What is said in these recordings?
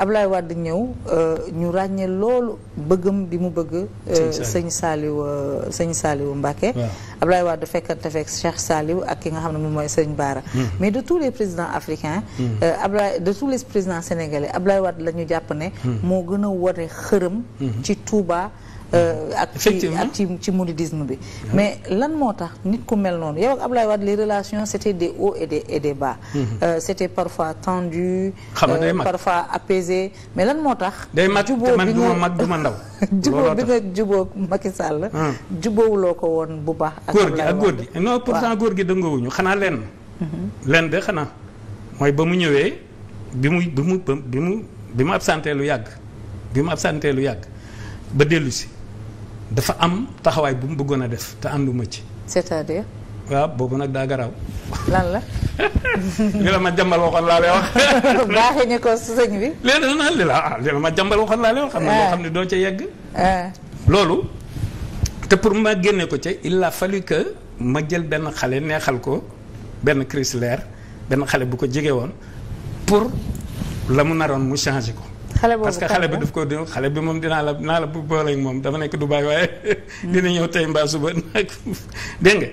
Ablaye Wade ñëw euh, ñu ràññee loolu bëggam bi mu bëgg. Euh, sëñ Saliou euh, sëñ Saliou Mbacké. waaw Ablaye Wade fekkante fekk Cheikh Saliou ak ki nga xam ne moom mooy sëñ Bara. Hmm. mais de tous les présidents africains. Hmm. Ablaye de tous les présidents sénégalais Ablaye la ñu jàpp ne. Hmm. moo gën a wone xërëm. ci Touba. Euh, ak ci ak ci ci mouridisme bi mais lan moo tax nit ku mel noonu yow ak Ablaye Wade les relation c'était des hauts et des et des bas mhm. euh, c'était parfois tendu euh, parfois apaisé mais lan moo tax day bi nga mag ma ndaw juboo bi nga juboo Macky Sall ah. juboowuloo ko woon bu baax ak góor gi ak góor gi non pourtant góor gi dëngoowuñu xanaa lenn mhm. lenn de xanaa mooy ba mu ñëwee bi mu bi mu bi mu bi mu absenté lu yàgg bi mu absenté lu yàgg ba dellusi dafa am taxawaay bu mu bëggoon a def te ànduma ci. cest boobu nag daa garaaw. lan la. li la ma jàmbal waxoon laa lay wax. ko sëñ bi. léegi nag li la ah li la ma jàmbal waxoon laa lay xam ne loo eh. xam ne doo ca yegg. Eh. loolu. te pour ma génne ko ca il a ma jël benn xale neexal ko benn crise leer benn xale bu ko jege woon pour la mu naroon mu changé ko. xale parce que xale bi daf ko déglu xale bi moom dinaa la dinaa la booleeg moom dafa nekk Dubaay waaye. dina ñëw tey suba nag dégg nga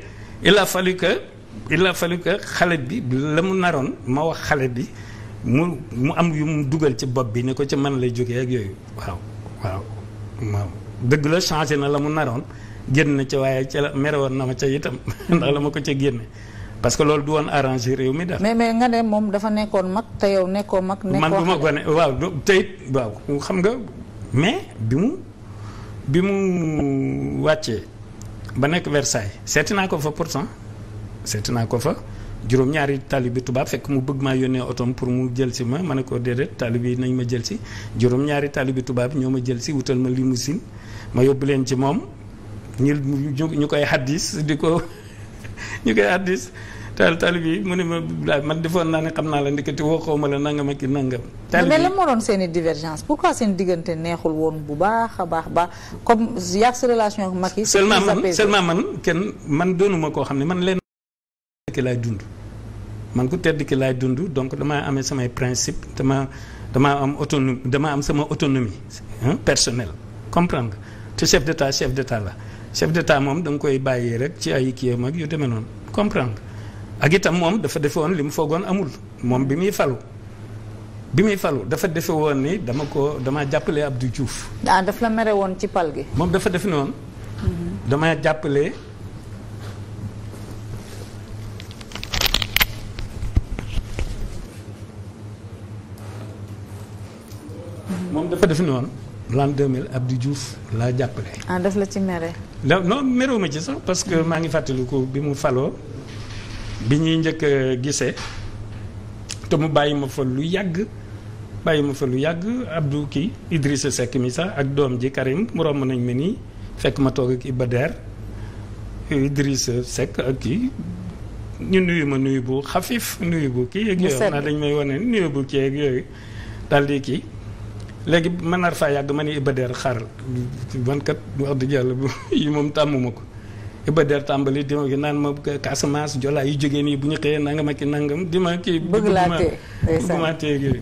il a falika que xale bi la mu naroon ma wax xale bi mu mu am yu mu dugal ci bopp bi ni ko ci man lay jóge ak yooyu waaw waaw dëgg la changé na la mu naroon génn na ci waaye ca la merewoon na ma ca itam ndax la ma ko ca génne. parce que loolu du woon arrangé réew mi daal. mais mais nga ne moom dafa nekkoon mag te yow nekkoo mag. nekkoo man du ma gone waaw tey waaw xam nga mais bi mu bi mu wàccee ba nekk Versailles seeti naa ko fa pourtant seeti naa ko fa juróom-ñaari tali bi tubaab fekk mu bëgg maa yónnee otoom pour mu jël si ma ma ne ko déedéet tali bi nañ ma jël si juróom-ñaari tali bi tubaab ñoo ma jël si wutal ma limousine ma yóbbu leen ci moom ñu ñu koy xaddis di ko. ñu koy addis taal taal bi mu ne ma man defoon naa ne xam naa la ndekete woo xaw ma la nangam ak ki nangam. taal bi mais lan moo doon seen i divergence pourquoi seen diggante neexul woon bu baax a baax baax comme yàgg sa relation ak Macky. seulement man seulement man kenn man doonuma koo xam ne man leen ki laay dund man ku tedd ki laay dund donc damaa amee samay principe dama am autonomie damaa am sama autonomie personnelle comprendre nga te chef d'état chef d'état la. chef d'état moom danga koy bàyyi rek ci ay kii mag yu demee noonu comprendre ak itam moom dafa defe woon li mu foogoon amul moom bi muy falu bi muy falu dafa defe woon ni dama ko dama jàppale ab di juuf ah, daf la mere woon ci pal gi. moom dafa defe noonu. Mm-hmm. jàppale. moom dafa noonu. l'an 2000 Abdou Diouf laa jàppale. ah daf la ci mere. da non merewu ma ci sax parce que mm-hmm. maa ngi fàttaliku bi mu faloo bi ñuy njëkk a gisee te mu bàyyi ma fa lu yàgg bàyyi ma fa lu yàgg Abdou kii Idrissa Seck mi sax ak doom ji Karim mu romb nañ ma nii fekk ma toog ki Iba Der Idrissa Seck ak kii ñu nuyu ma nuyu bu xafif nuyu bu kii. ak yooyu naa dañ may wone nuyu bu kii ak yooyu daal di léegi mën naa faa yàgg ma ni Ibader xaaral man kat wax dëgg yàlla yi moom tàmmuma ko Ibader tàmbali di ma naan ma Casamance Jola yu jógee nii bu ñu xëyee nangam ak nangam di ma ki bëgg laa tee bëgg maa tee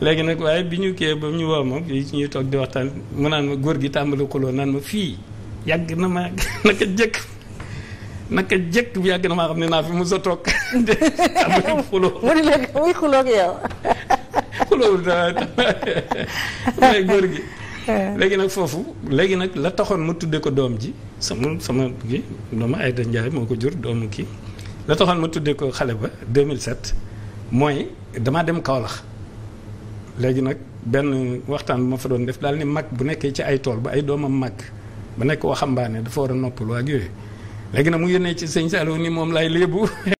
léegi nag waaye bi ñu kii ba ñu woo moom ci ñuy toog di waxtaan mu naan ma góor gi tàmbali xuloo naan ma fii yàgg na ma naka jëkk naka jëkk bu yàgg na maa xam ne naa fi mu sa toog. xuloo mu ne la muy xuloo ak yow. xulóowul dara léegi góor gi. Eh. léegi nag foofu léegi nag la taxoon ma tuddee ko doom ji sama sama gi doomu Aïda moo ko jur doomu kii la taxoon ma tuddee ko xale ba 2007 mooy damaa dem Kaolack léegi nag benn waxtaan bu ma fa doon def daal ni mag bu nekkee ci ay tool ba ay doomam mag ba nekk waxambaane dafa war a noppalu ak yooyu léegi nag mu yónnee ci sëñ Saliou ni moom laay léebu